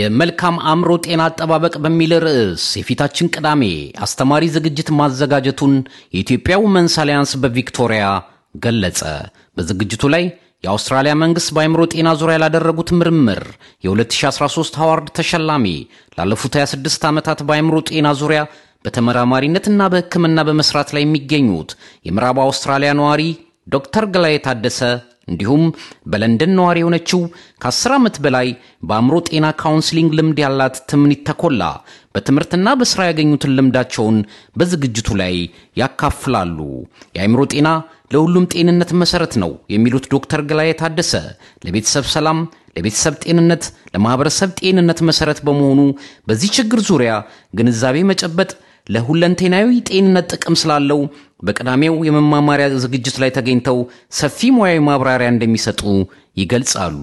የመልካም አእምሮ ጤና አጠባበቅ በሚል ርዕስ የፊታችን ቅዳሜ አስተማሪ ዝግጅት ማዘጋጀቱን የኢትዮጵያው መንሳሊያንስ በቪክቶሪያ ገለጸ። በዝግጅቱ ላይ የአውስትራሊያ መንግሥት በአእምሮ ጤና ዙሪያ ላደረጉት ምርምር የ2013 ሐዋርድ ተሸላሚ ላለፉት 26 ዓመታት በአእምሮ ጤና ዙሪያ በተመራማሪነትና በሕክምና በመስራት ላይ የሚገኙት የምዕራብ አውስትራሊያ ነዋሪ ዶክተር ግላይ ታደሰ እንዲሁም በለንደን ነዋሪ የሆነችው ከ10 ዓመት በላይ በአእምሮ ጤና ካውንስሊንግ ልምድ ያላት ትምኒት ተኮላ በትምህርትና በስራ ያገኙትን ልምዳቸውን በዝግጅቱ ላይ ያካፍላሉ። የአእምሮ ጤና ለሁሉም ጤንነት መሰረት ነው የሚሉት ዶክተር ገላየ ታደሰ ለቤተሰብ ሰላም፣ ለቤተሰብ ጤንነት፣ ለማህበረሰብ ጤንነት መሰረት በመሆኑ በዚህ ችግር ዙሪያ ግንዛቤ መጨበጥ ለሁለንቴናዊ ጤንነት ጥቅም ስላለው በቅዳሜው የመማማሪያ ዝግጅት ላይ ተገኝተው ሰፊ ሙያዊ ማብራሪያ እንደሚሰጡ ይገልጻሉ።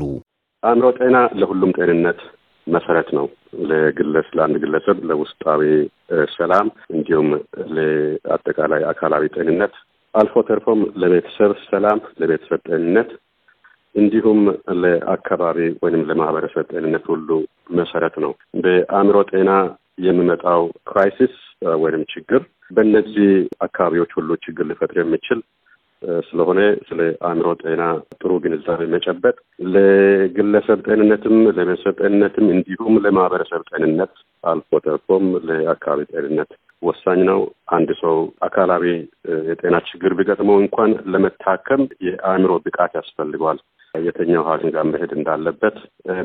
አእምሮ ጤና ለሁሉም ጤንነት መሰረት ነው። ለግለስ ለአንድ ግለሰብ ለውስጣዊ ሰላም እንዲሁም ለአጠቃላይ አካላዊ ጤንነት አልፎ ተርፎም ለቤተሰብ ሰላም፣ ለቤተሰብ ጤንነት እንዲሁም ለአካባቢ ወይም ለማህበረሰብ ጤንነት ሁሉ መሰረት ነው። በአእምሮ ጤና የሚመጣው ክራይሲስ uh, ወይም ችግር በእነዚህ አካባቢዎች ሁሉ ችግር ሊፈጥር የሚችል uh, ስለሆነ ስለ አእምሮ ጤና ጥሩ ግንዛቤ መጨበጥ ለግለሰብ ጤንነትም ለቤተሰብ ጤንነትም እንዲሁም ለማህበረሰብ ጤንነት አልፎ ተርፎም ለአካባቢ ጤንነት ወሳኝ ነው። አንድ ሰው አካላዊ uh, የጤና ችግር ቢገጥመው እንኳን ለመታከም የአእምሮ ብቃት ያስፈልገዋል። የተኛው ሐኪም ጋር መሄድ እንዳለበት፣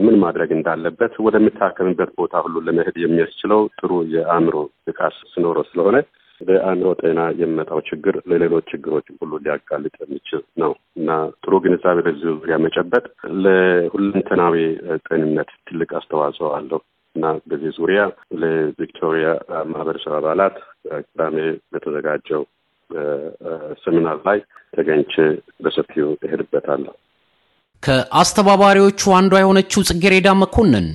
ምን ማድረግ እንዳለበት ወደሚታከምበት ቦታ ሁሉ ለመሄድ የሚያስችለው ጥሩ የአእምሮ ብቃት ስኖሮ ስለሆነ በአእምሮ ጤና የሚመጣው ችግር ለሌሎች ችግሮች ሁሉ ሊያጋልጥ የሚችል ነው እና ጥሩ ግንዛቤ በዚህ ዙሪያ መጨበጥ ለሁለንተናዊ ጤንነት ትልቅ አስተዋጽኦ አለው እና በዚህ ዙሪያ ለቪክቶሪያ ማህበረሰብ አባላት ቅዳሜ በተዘጋጀው ሰሚናር ላይ ተገኝቼ በሰፊው እሄድበታለሁ። ከአስተባባሪዎቹ አንዷ የሆነችው ጽጌሬዳ መኮንን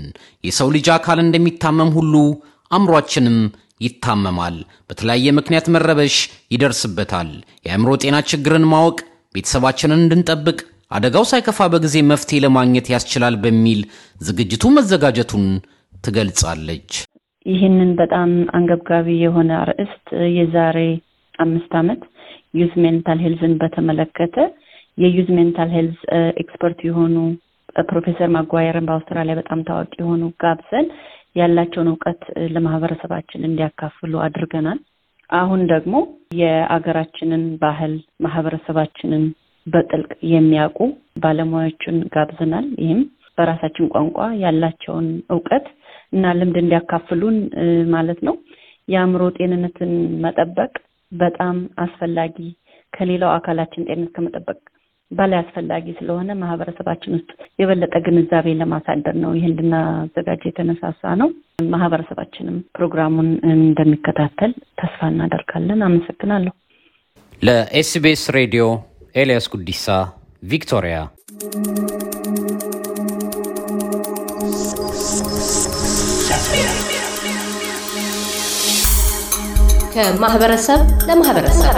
የሰው ልጅ አካል እንደሚታመም ሁሉ አእምሯችንም ይታመማል። በተለያየ ምክንያት መረበሽ ይደርስበታል። የአእምሮ ጤና ችግርን ማወቅ ቤተሰባችንን እንድንጠብቅ አደጋው ሳይከፋ በጊዜ መፍትሄ ለማግኘት ያስችላል በሚል ዝግጅቱ መዘጋጀቱን ትገልጻለች። ይህንን በጣም አንገብጋቢ የሆነ አርዕስት የዛሬ አምስት ዓመት ዩዝ ሜንታል ሄልዝን በተመለከተ የዩዝ ሜንታል ሄልዝ ኤክስፐርት የሆኑ ፕሮፌሰር ማጓየርን በአውስትራሊያ በጣም ታዋቂ የሆኑ ጋብዘን ያላቸውን እውቀት ለማህበረሰባችን እንዲያካፍሉ አድርገናል። አሁን ደግሞ የአገራችንን ባህል ማህበረሰባችንን በጥልቅ የሚያውቁ ባለሙያዎችን ጋብዘናል። ይህም በራሳችን ቋንቋ ያላቸውን እውቀት እና ልምድ እንዲያካፍሉን ማለት ነው። የአእምሮ ጤንነትን መጠበቅ በጣም አስፈላጊ ከሌላው አካላችን ጤንነት ከመጠበቅ ባላይ አስፈላጊ ስለሆነ ማህበረሰባችን ውስጥ የበለጠ ግንዛቤ ለማሳደር ነው ይህን ልናዘጋጅ የተነሳሳ ነው። ማህበረሰባችንም ፕሮግራሙን እንደሚከታተል ተስፋ እናደርጋለን። አመሰግናለሁ። ለኤስቢኤስ ሬዲዮ ኤልያስ ጉዲሳ፣ ቪክቶሪያ። ከማህበረሰብ ለማህበረሰብ